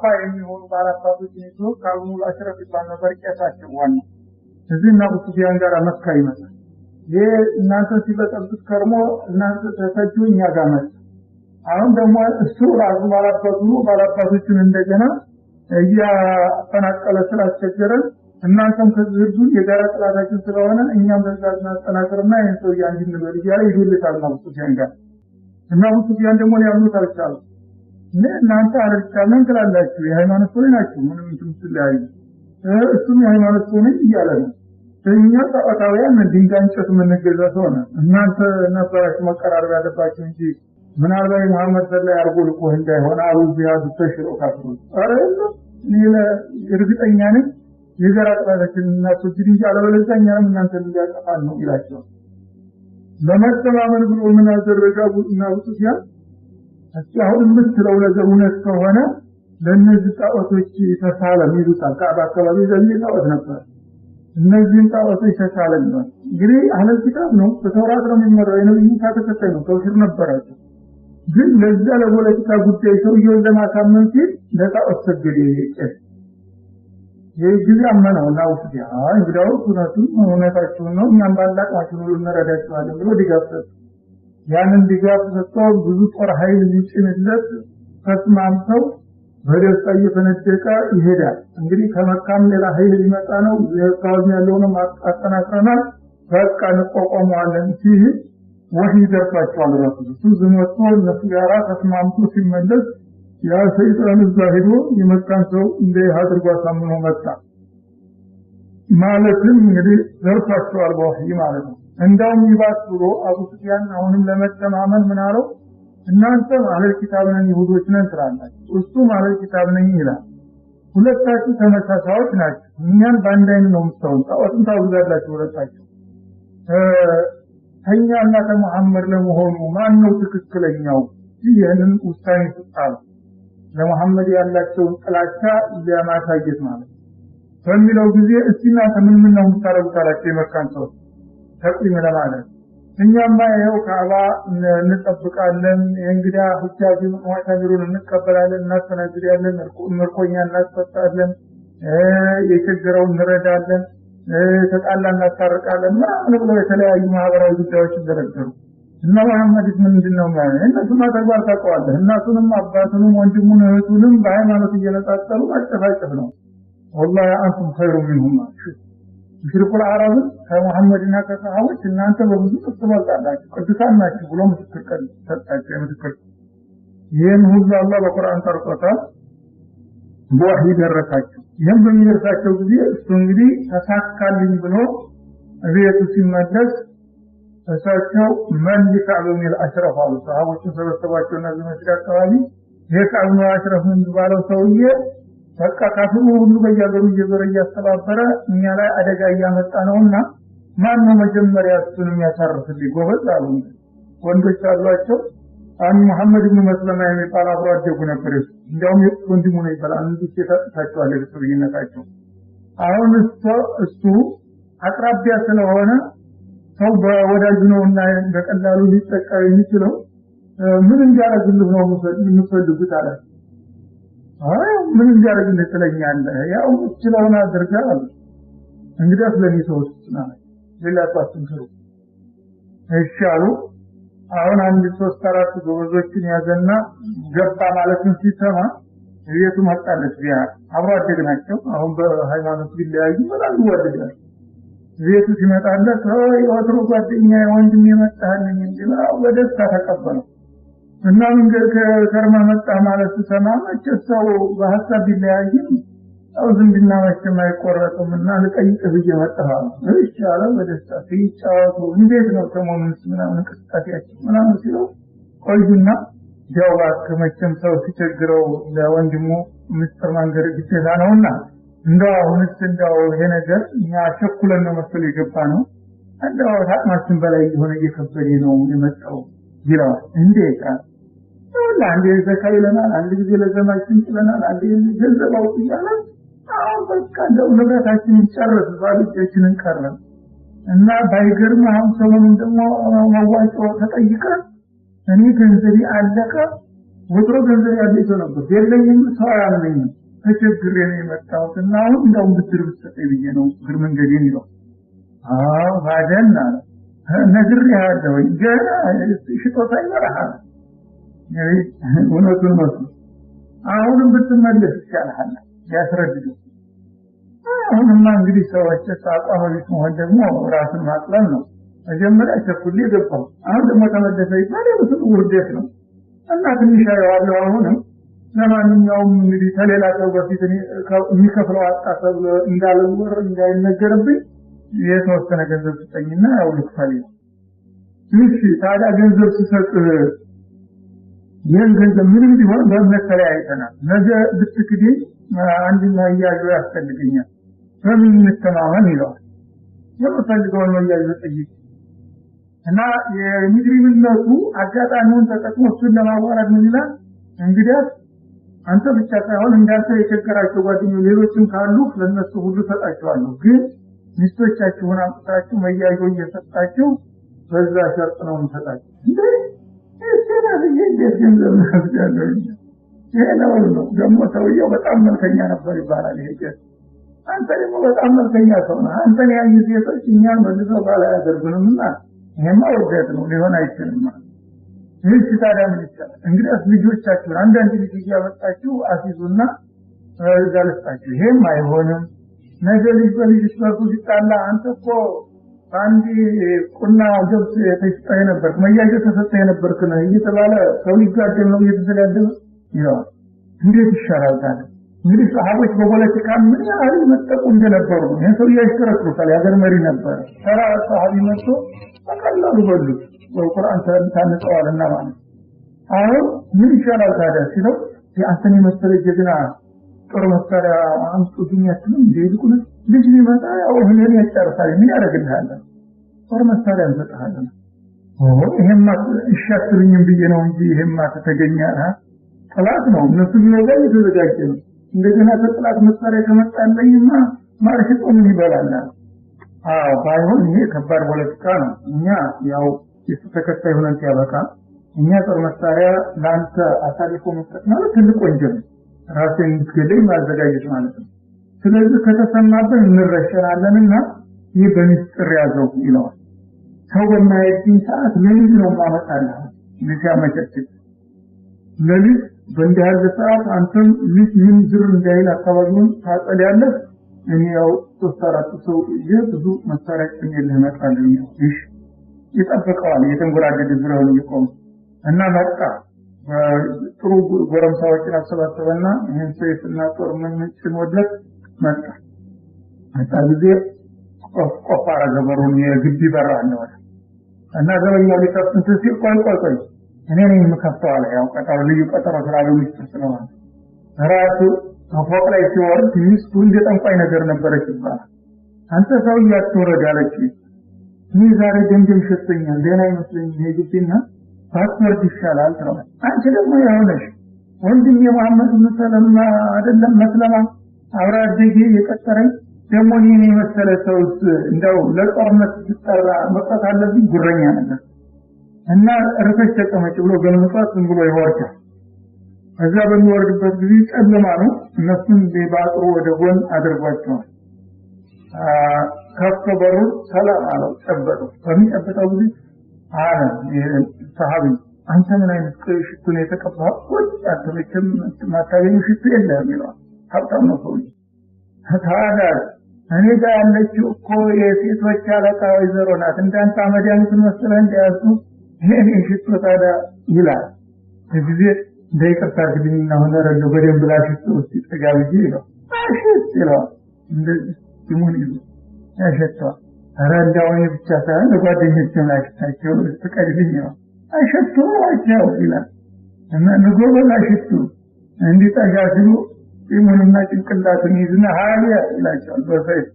አርባ የሚሆኑ ባላባቱ ጭኒቱ ከአልሙ አሽረፍ ይባል ነበር ቄሳቸው ዋና እዚህ እና ሱፊያን ጋር መካ ይመጣል። ይህ እናንተ ሲበጠብት ከርሞ እናንተ ተሰጁ እኛ ጋር መጣ። አሁን ደግሞ እሱ ራሱ ባላባቱ ባላባቶችን እንደገና እያፈናቀለ ስላስቸገረን እናንተም ከዚህ ህዱ የጋራ ጥላታችን ስለሆነ እኛም በዛ እናጠናክርና ይህን ሰውዬ እንድንበል እያለ ይዱልታል አቡ ሱፊያን ጋር እና አቡ ሱፊያን ደግሞ ሊያምኑት አልቻሉም። እናንተ አለልቻለን ትላላችሁ፣ የሃይማኖት ሰው ናችሁ፣ ምንም ትምትለያዩ እሱም የሃይማኖት ሰው ነኝ እያለ ነው። እኛ ጣዖታውያን ድንጋይ እንጨት የምንገዛ ሰው ነን። እናንተ ነበራችሁ መቀራረብ ያለባችሁ እንጂ ምናልባት የመሐመድ ሰላይ አርጎ ልቆ እንዳይሆን አሉ ቢያዙ ተሽሮ ካፍሩ ኧረ የለም እርግጠኛ ነኝ የጋራ ጥላታችን እናስወግድ እንጂ አለበለዚያ እናንተ ሊያጠፋን ነው ይላቸዋል። ለመተማመን ብሎ ምን አደረገ አቡና ሱፍያን እስኪ አሁን የምትለው ነገር እውነት ከሆነ ለእነዚህ ጣዖቶች ተሳለም ይሉታል። ከአብ አካባቢ ዘንድ ጣዖት ነበር። እነዚህን ጣዖቶች ተሳለም ይሏል። እንግዲህ አህለል ኪታብ ነው፣ በተውራት ነው የሚመራው። ነው ሙሳ ተከታይ ነው። ተውሂድ ነበራቸው። ግን ለዛ ለፖለቲካ ጉዳይ ሰውየውን ለማሳመን ሲል ለጣዖት ሰገደ። ጭር ይህ ጊዜ አመነውና ውስዲያ እንግዲያው እውነቱን እውነታችሁን ነው እኛም ባላቅማችን ሁሉ እንረዳችኋለን ብሎ ድጋፍ ሰጡ። ያንን ድጋፍ ሰጥተው ብዙ ጦር ኃይል ሊጭንለት ተስማምተው በደስታ እየፈነደቀ ይሄዳል። እንግዲህ ከመካም ሌላ ኃይል ሊመጣ ነው፣ አካባቢ ያለውንም አጠናክረናል፣ በቃ እንቋቋመዋለን ሲል ወህይ ይደርሳቸዋል። ራሱ እሱ ዝመቶ እነሱ ጋራ ተስማምቶ ሲመለስ ያ ሰይጣን እዛ ሄዶ የመካን ሰው እንደ አድርጎ አሳምኖ መጣ። ማለትም እንግዲህ ደርሷቸዋል በወህይ ማለት ነው። እንደውም ይባስ ብሎ አቡ ሱፊያን አሁንም ለመተማመን ምን አለው? እናንተ አህለል ኪታብ ነን ይሁዶች ነን ትላላችሁ፣ እሱም አህለል ኪታብ ነኝ ይላል። ሁለታችሁ ተመሳሳዮች ናቸው። እኛን በአንድ አይነት ነው የምታዩን፣ ጣዖትን ታውዛላችሁ። ሁለታችሁ እና ከመሐመድ ለመሆኑ ማን ነው ትክክለኛው? ይህንን ውሳኔ ስጣሉ ለመሐመድ ያላቸውን ጥላቻ ለማሳየት ማለት በሚለው ጊዜ እስቲ እናንተ ምን ምን ነው የምታደርጉት አላቸው የመካን ሰዎች ተቁም ለማለት እኛማ ይኸው ካባ እንጠብቃለን፣ የእንግዳ ሁጃጅ ሙዕተምሩን እንቀበላለን፣ እናስተናግዳለን፣ ምርኮኛ እናስፈታለን፣ የቸገረውን እንረዳለን፣ ተጣላ እናስታርቃለን ምናምን ብለው የተለያዩ ማህበራዊ ጉዳዮችን ዘረገሩ። እና መሐመድ ምንድን ነው ማለት እነሱማ ተግባር ታውቀዋለህ። እናቱንም አባቱንም ወንድሙን እህቱንም በሃይማኖት እየነጣጠሉ ማጨፋጨፍ ነው። ወላሂ አንቱም ኸይሩ ሚንሁም ሽርቁል አረብን ከመሐመድና ከሰሃቦች እናንተ በብዙ ትበልጣላችሁ ቅዱሳን ናችሁ ብሎ ምስክር ቀን ሰጣቸው። የምስክር ይህን ሁሉ አላህ በቁርአን ጠርቆታል፣ በወህይ ደረሳቸው። ይህም በሚደርሳቸው ጊዜ እሱ እንግዲህ ተሳካልኝ ብሎ እቤቱ ሲመለስ እሳቸው መን ሊከዕብ ሚል አሽረፍ አሉ። ሰሃቦችን ሰበሰባቸውና ዚመስል አካባቢ ይህ ከዕብ ነው አሽረፍ የሚባለው ሰውዬ በቃ ካፍሩ ሁሉ በያገሩ እየዞረ እያስተባበረ እኛ ላይ አደጋ እያመጣ ነውና ማን ነው መጀመሪያ እሱን የሚያሳርፍልኝ? ጎበዝ አሉ። ወንዶች አሏቸው። አን መሐመድ ብኑ መስለማ የሚባል አብሮ አደጉ ነበር። እሱ እንዲያውም ወንድሙ ነው ይባላል። አንዱ ሴታጥታቸዋለ ቤተሰብይነታቸው። አሁን እሱ አቅራቢያ ስለሆነ ሰው በወዳጅ ነው እና በቀላሉ ሊጠቀም የሚችለው ምን እንዲያረግልህ ነው የምትፈልጉት አላቸው። ምን እንዲያደርግ እንደተለኛለህ ያው ችለውን አድርጋ አሉ። እንግዲህ ስለኔ ሰዎች ጽና ሌላ ሷትን ስሩ እሺ አሁን አንድ ሶስት አራት ጎበዞችን ያዘና ገባ ማለትን ሲሰማ ቤቱ መጣለች። ቢያ አብሮ አደግ ናቸው። አሁን በሃይማኖት ቢለያዩ በጣም ይዋደዳል። ቤቱ ሲመጣለት የወትሮ ጓደኛ ወንድም የመጣህልኝ እንዲ በደስታ ተቀበለው። እና መንገድ ከርማ መጣ ማለት ስሰማ መቼ ሰው በሀሳብ ቢለያይም ያው ዝምድና መቼም አይቆረጥም እና ልጠይቅ ብዬ እሺ አለ በደስታ ሲጫወቱ እንዴት ነው ሰሞኑንስ ምናምን እንቅስቃሴያቸው ምናምን ሲለው ቆዩና ያው እባክህ መቼም ሰው ሲቸግረው ለወንድሙ ምስጢር መንገድ ግዴታ ነውና እንደው አሁንስ እንደው ይሄ ነገር እኛ ቸኩለን ነው መሰል የገባ ነው እንደው ታቅማችን በላይ የሆነ እየከበደ ነው የመጣው ይለዋል። እንዴት ሁላ አንድ ዘካ ይለናል፣ አንድ ጊዜ ለዘማችን ይለናል፣ አንድ ገንዘብ አውጥ እያለ አሁን በቃ እንደው ንብረታችንን ጨረስ ባሉ እጃችንን ቀረም እና ባይገርም አሁን ሰሞኑን ደግሞ መዋጮ ተጠይቀን እኔ ገንዘቤ አለቀ። ወትሮ ገንዘብ ያለ ሰው ነበር የለኝም፣ ሰው ያለኝም ተቸግሬ ነው የመጣሁት እና አሁን እንደው ብድር ብትሰጠኝ ብዬ ነው እግር መንገዴን ይለው አዎ ባደን አለ ነግር ያለው ገና ሽጦታ ይበረሃል እውነቱን መስሎ አሁንም ብትመለስ ይቻልሃል ያስረግዱ አሁንማ እንግዲህ ሰዎች አቋማዊት መሆን ደግሞ ራስን ማቅለል ነው መጀመሪያ ቸኩሌ ገባሁ አሁን ደግሞ ተመለሰ ይባል የምስሉ ውርደት ነው እና ትንሽ ያለው አሁንም ለማንኛውም እንግዲህ ተሌላ ሰው በፊት የሚከፍለው አጣ ተብሎ እንዳልወር እንዳይነገርብኝ የተወሰነ ገንዘብ ስጠኝና ያው ልክፈል። እሺ ታዲያ ገንዘብ ስሰጥ ይህን ገንዘብ ምንም ቢሆን በእምነት ተለያይተናል። ነገ ብትክዴ አንድ እያዩ ያስፈልገኛል፣ በምን እንተማመን ይለዋል። የምፈልገውን መያዣ ጠይቅ እና የሚድሪምነቱ አጋጣሚውን ተጠቅሞ እሱን ለማዋራት ምን ይላል? እንግዲያስ አንተ ብቻ ሳይሆን እንዳንተ የቸገራቸው ጓደኞች ሌሎችም ካሉ ለነሱ ሁሉ ሰጣቸዋለሁ ግን ሚስቶቻችሁን አምጥታችሁ መያዦ እየሰጣችሁ በዛ ሸርጥ ነው የምሰጣችሁ። እንዴት ገንዘብ ያለው ይሄ ነው ነው። ደግሞ ሰውየው በጣም መልከኛ ነበር ይባላል። ይሄ አንተ ደግሞ በጣም መልከኛ ሰው ነህ፣ አንተን ያዩ ሴቶች እኛን መልሰው ባል አያደርጉንም እና ይሄማ ውርደት ነው፣ ሊሆን አይችልም። ይህች ታዲያ ምን ይቻላል? እንግዲያስ ልጆቻችሁን አንዳንድ ልጅ እያመጣችሁ አስይዙና እዛ ልስጣችሁ። ይሄም አይሆንም ነገ ልጅ በልጅ ሲጣላ አንተ እኮ በአንድ ቁና ገብስ የተሽጣ የነበርክ መያዣ ተሰጠ የነበርክ ነህ እየተባለ ሰው ሊጋደል ነው እየተዘጋደለ ይለዋል። እንዴት ይሻላል ታዲያ? እንግዲህ ሰሃቦች በፖለቲካ ምን ያህል መጠቁ እንደነበሩ ይህን ሰው እያሽከረክሩታል። የሀገር መሪ ነበር። ተራ ሰሃቢ መጥቶ በቀላሉ በሉት በቁርአን ታነጸዋልና ማለት አሁን ምን ይሻላል ታዲያ ሲለው የአንተን የመሰለ ጀግና ጦር መሳሪያ አምጡብኝ አትልም እንደ ልጅ ቢመጣ ያው እህልን ያጫርሳል። ምን ያደርግልሃለን? ጦር መሳሪያ እንሰጥሃለን። ይሄማ እሺ ብዬ ነው እንጂ ይሄማ ተተገኘ ጠላት ነው። እነሱ ቢበዛ እየተዘጋጀ ነው። እንደገና ከጠላት መሳሪያ ከመጣለኝማ ማርሽ ጦምን ይበላል። አዎ ባይሆን ይሄ ከባድ ፖለቲካ ነው። እኛ ያው የሱ ተከታይ ሆነን ሲያበቃ እኛ ጦር መሳሪያ ለአንተ አሳልፎ መስጠት ማለት ትልቅ ወንጀል ነው። ራሴ እንድትገለኝ ማዘጋጀት ማለት ነው። ስለዚህ ከተሰማብን እንረሸናለንና ይህ በሚስጥር ያዘው ይለዋል። ሰው በማየትኝ ሰዓት ለልጅ ነው ማመጣለህ ሲያመቻችል ለልጅ በእንዲህ ያለ ሰዓት አንተም ልጅ ምን ዝር እንዳይል አካባቢውን ታጸልያለህ። እኔ ያው ሶስት አራት ሰው ይዤ ብዙ መሳሪያ ጭኜልህ እመጣለሁ። ይሽ ይጠብቀዋል የተንጎራደደ ዙሪያውን እየቆመ እና መጣ ጥሩ ጎረምሳዎችን አሰባሰበና ይህን ሰይፍና ጦር ጭኖለት መጣ። መጣ ጊዜ ቆፍ አረገ በሩን፣ የግቢ በራ እንደሆነ እና ዘበኛው ሊከፍት ሲል ቆይ እኔ ነኝ የምከፍተው አለ። ያው ቀጠሮ ልዩ ቀጠሮ ስላለው ሚስጥር ስለሆነ ራሱ ከፎቅ ላይ ሲወርድ ሚስቱ እንደ ጠንቋይ ነገር ነበረች ይባላል። አንተ ሰው እያትወረድ አለች። ይህ ዛሬ ደንደም ሸቶኛል፣ ደህና ይሄ ግቢና ባትወርድ ይሻላል ትለዋል። አንቺ ደግሞ የሆነሽ ወንድም የሙሐመድ ምሰለማ አይደለም መስለማ አብራ አደጌ የቀጠረኝ ደግሞ ይህን የመሰለ ሰውስ እንደው ለጦርነት ሲጠራ መቅረት አለብኝ ጉረኛ ነገር እና ርፈሽ ተቀመጭ ብሎ ገልምጧት ዝም ብሎ ይወርዳል። ከዛ በሚወርድበት ጊዜ ጨለማ ነው። እነሱን በአጥሩ ወደ ጎን አድርጓቸዋል። ከፍ በሩ ሰላም አለው ጨበጠው። በሚጨብጠው ጊዜ አለ ሰሃቢ አንተ ምን አይነት ሽቱ ነው የተቀባው? አንተ ሽቱ የለም ይለዋል። ሀብታም ነው ሰው ታዲያ እኔ ጋር ያለችው እኮ የሴቶች አለቃ ወይዘሮ ናት። እንዳንተ መድኃኒቱን መስለ እንደያዙ ይህን ሽቶ ታዲያ ይላል። ጊዜ እንደ ይቅርታ ግድኝና በደንብ ላ ሽቶ ውስጥ ይጠጋ ብዬ ይለው ይለዋል። እንደዚህ ሲሙን ያሸተዋል ረዳውን ብቻ ሳይሆን ለጓደኞችም ላይ ክታቸው ትቀድልኝ ነው አሸቱ ዋቸው ይላል እና ንጎበዝ አሸቱ እንዲጠጋ ሲሉ ጢሙንና ጭንቅላቱን ይዝና ሀያ ይላቸዋል። በሰይፍ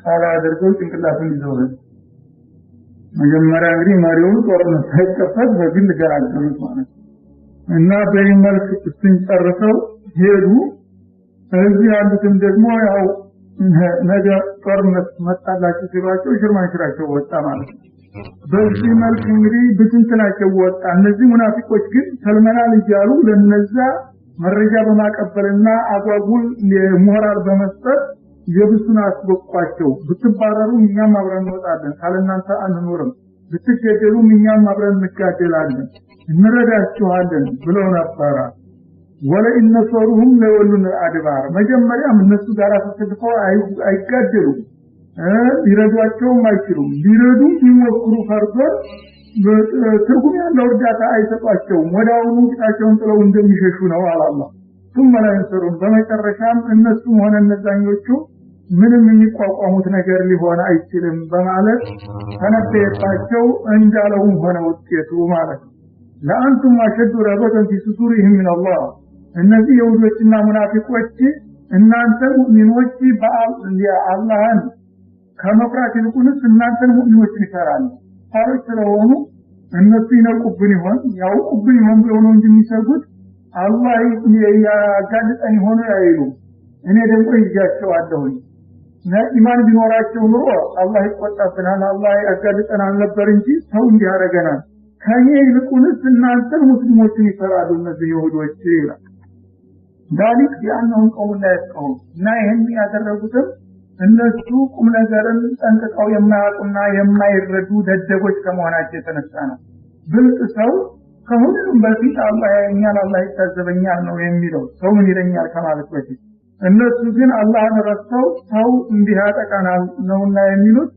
ቃል አድርገው ጭንቅላቱን ይዘው መጀመሪያ እንግዲህ መሪውን ጦርነት ሳይከፈት በግል ገራገሩት ማለት እና በዚህ መልክ እሱን ጨርሰው ሄዱ። እዚህ ያሉትም ደግሞ ያው ነገ ጦርነት መጣላቸው ሲሏቸው ሽርማንሽራቸው ወጣ ማለት ነው። በዚህ መልክ እንግዲህ ብትንትናቸው ወጣ። እነዚህ ሙናፊቆች ግን ሰልመናል እያሉ ለነዛ መረጃ በማቀበልና አጓጉል ሞራል በመስጠት የብሱን አስበቋቸው። ብትባረሩ እኛም አብረን እንወጣለን፣ ካለእናንተ አንኖርም፣ ብትገደሉም እኛም አብረን እንጋደላለን፣ እንረዳችኋለን ብለው ነበረ። ወለኢን ነሰሩሁም ለወሉን አድባር መጀመሪያም እነሱ ጋር ተሰልፈው አይጋደሉም፣ ሊረዷቸውም አይችሉም። ሊረዱ ቢሞክሩ ፈርዶን ትርጉም ያለው እርዳታ አይሰጧቸውም። ወደ አሁኑ ቂጣቸውን ጥለው እንደሚሸሹ ነው አላላ ቱመ ላይንሰሩን በመጨረሻም እነሱም ሆነ እነዛኞቹ ምንም የሚቋቋሙት ነገር ሊሆን አይችልም በማለት ተነበየባቸው። እንዳለውም ሆነ ውጤቱ ማለት ነው። ለአንቱም አሸዱ ረህበተን ፊ ምን አላህ እነዚህ የሁዶችና ሙናፊቆች እናንተ ሙእሚኖች አላህን ከመፍራት ይልቁንስ እናንተን ሙእሚኖችን ይፈራሉ ፋሮች ስለሆኑ እነሱ ይነቁብን ይሆን ያውቁብን ይሆን ብለው ነው እንጂ የሚሰጉት አላህ ያጋልጠን ይሆኑ ያይሉ እኔ ደግሞ አለሁኝ ኢማን ቢኖራቸው ኑሮ አላህ ይቆጣብናል አላህ ያጋልጠናል ነበር እንጂ ሰው እንዲያደረገናል ከኔ ይልቁንስ እናንተን ሙስሊሞችን ይፈራሉ እነዚህ የሁዶች ይላል ዳሊቅ ቢአነሁም ቀውም ላይ እና ይህን ያደረጉትም እነሱ ቁም ነገርን ጠንቅቀው የማያውቁና የማይረዱ ደደጎች ከመሆናቸው የተነሳ ነው። ብልጥ ሰው ከሁሉም በፊት አላህ ያየኛል፣ አላ ይታዘበኛል ነው የሚለው ሰው ምን ይለኛል ከማለት በፊት። እነሱ ግን አላህን ረስተው ሰው እንዲህ ያጠቃናል ነውና የሚሉት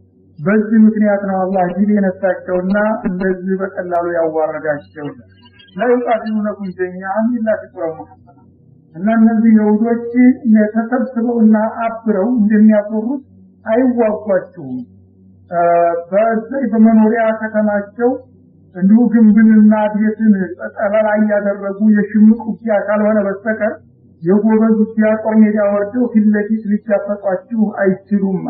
በዚህ ምክንያት ነው አላህ ጊዜ የነሳቸውና እንደዚህ በቀላሉ ያዋረዳቸው። ላ ዩቃቲሉነኩም ጀሚዓን ኢላ ፊ እና እነዚህ የሁዶች እና አብረው እንደሚያቆሩት አይዋጓቸውም። በዚህ በመኖሪያ ከተማቸው እንዲሁ ግንብንና ቤትን ጠጠረ ላይ ያደረጉ የሽምቅ ውጊያ ካልሆነ በስተቀር የጎበዝ ውጊያ ጦር ሜዳ ወርደው ፊትለፊት ሊጋፈጧችሁ አይችሉም።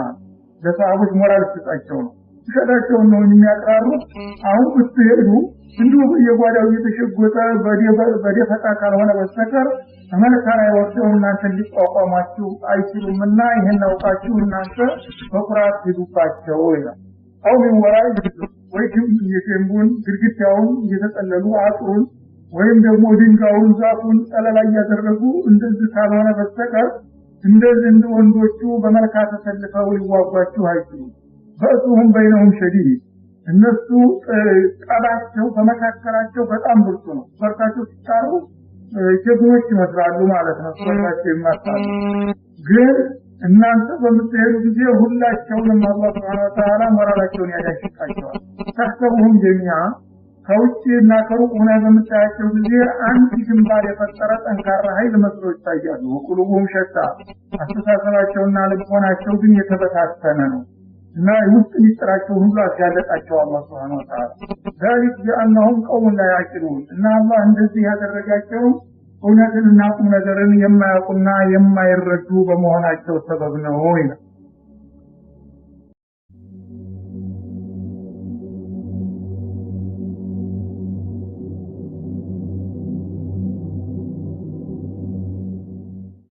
ለሰሃቦች ሞራል ስጣቸው ነው ውሸታቸውን ነው የሚያቀራሩት አሁን ብትሄዱ እንዲሁ የጓዳው እየተሸጎጠ በደፈጣ ካልሆነ በስተቀር ከመልካ ላይ ወርደው እናንተ ሊቋቋሟችሁ አይችሉምና ይህን አውቃችሁ እናንተ በኩራት ሄዱባቸው ይላል። አው ሚን ወራይ ወይም የቴንቡን ግድግዳውን እየተጠለሉ አጥሩን ወይም ደግሞ ድንጋዩን ዛፉን ጠለላ እያደረጉ እንደዚህ ካልሆነ በስተቀር እንደዚህ እንደ ወንዶቹ በመልካ ተሰልፈው ሊዋጓችሁ አይችሉም። በእሱሁም በይነሁም ሸዲድ እነሱ ጠባቸው በመካከላቸው በጣም ብርቱ ነው። በርታቸው ሲጣሩ ጀግኖች ይመስላሉ ማለት ነው። ሰራቸው ይማታሉ። ግን እናንተ በምትሄዱ ጊዜ ሁላቸውንም አላህ ስብሐነ ወተዓላ መራራቸውን ያዳሽቃቸዋል። ተክተቡሁም ጀሚያ ከውጭ እና ከሩቅ ሆነ በምታያቸው ጊዜ አንድ ግንባር የፈጠረ ጠንካራ ኃይል መስሎ ይታያሉ። ወቁሉቡሁም ሸታ አስተሳሰባቸውና ልቦናቸው ግን የተበታተነ ነው። እና ውስጥ ሚስጥራቸው ሁሉ አጋለጣቸው አላህ ስብሐነ ወተዓላ። ዛሊክ ቢአነሁም ቀውም ላ ያዕቂሉን እና አላህ እንደዚህ ያደረጋቸው እውነትን እና ቁም ነገርን የማያውቁና የማይረዱ በመሆናቸው ሰበብ ነው ይላል።